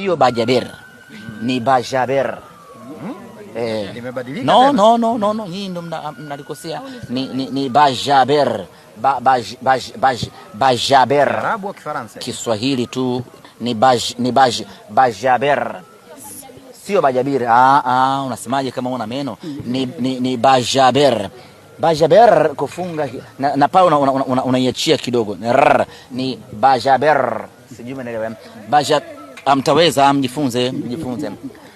Sio Bajaber, ni Bajaber. Hmm? Eh, no, no, no, no, no. Nyinyi ndo mnalikosea ni, ni, ni Bajaber ba, baj, baj, baj, Bajaber. Kiswahili tu ni baj, ni baj, Bajaber sio Bajabir. Ah, ah, unasemaje kama una meno? Ni, ni, ni Bajaber Bajaber kufunga na, na pale unaiachia una, una, una kidogo ni Bajaber, sijui umeelewa eh? Bajaber Ah, mtaweza, mjifunze, mjifunze.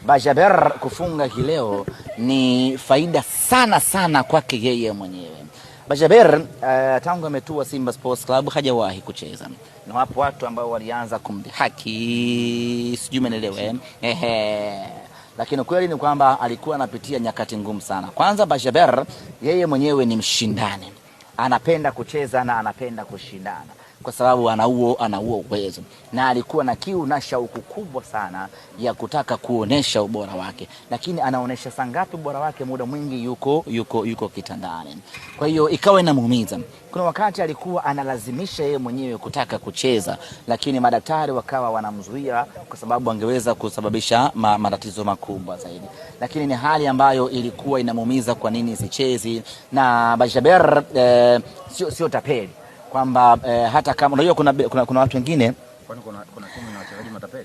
Bajaber kufunga kileo ni faida sana sana kwake yeye mwenyewe. Bajaber uh, tangu ametua Simba Sports Club hajawahi kucheza na wapo watu ambao walianza kumdhihaki, sijui umeelewa? Eh? Ehe, lakini kweli ni kwamba alikuwa anapitia nyakati ngumu sana. Kwanza, Bajaber yeye mwenyewe ni mshindani, anapenda kucheza na anapenda kushindana kwa sababu ana huo ana huo uwezo, na alikuwa na kiu na shauku kubwa sana ya kutaka kuonesha ubora wake, lakini anaonesha sangapi ubora wake? Muda mwingi yuko yuko yuko kitandani, kwa hiyo ikawa inamuumiza. Kuna wakati alikuwa analazimisha yeye mwenyewe kutaka kucheza, lakini madaktari wakawa wanamzuia kwa sababu angeweza kusababisha ma, matatizo makubwa zaidi, lakini ni hali ambayo ilikuwa inamuumiza. Kwa nini sichezi? Na Bajaber eh, sio sio tapeli kwamba eh, hata kama unajua kuna, kuna, kuna watu wengine kuna, kuna, kuna,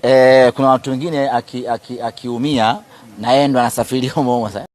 eh, kuna watu wengine akiumia aki, aki na yeye ndo anasafiri humo humo.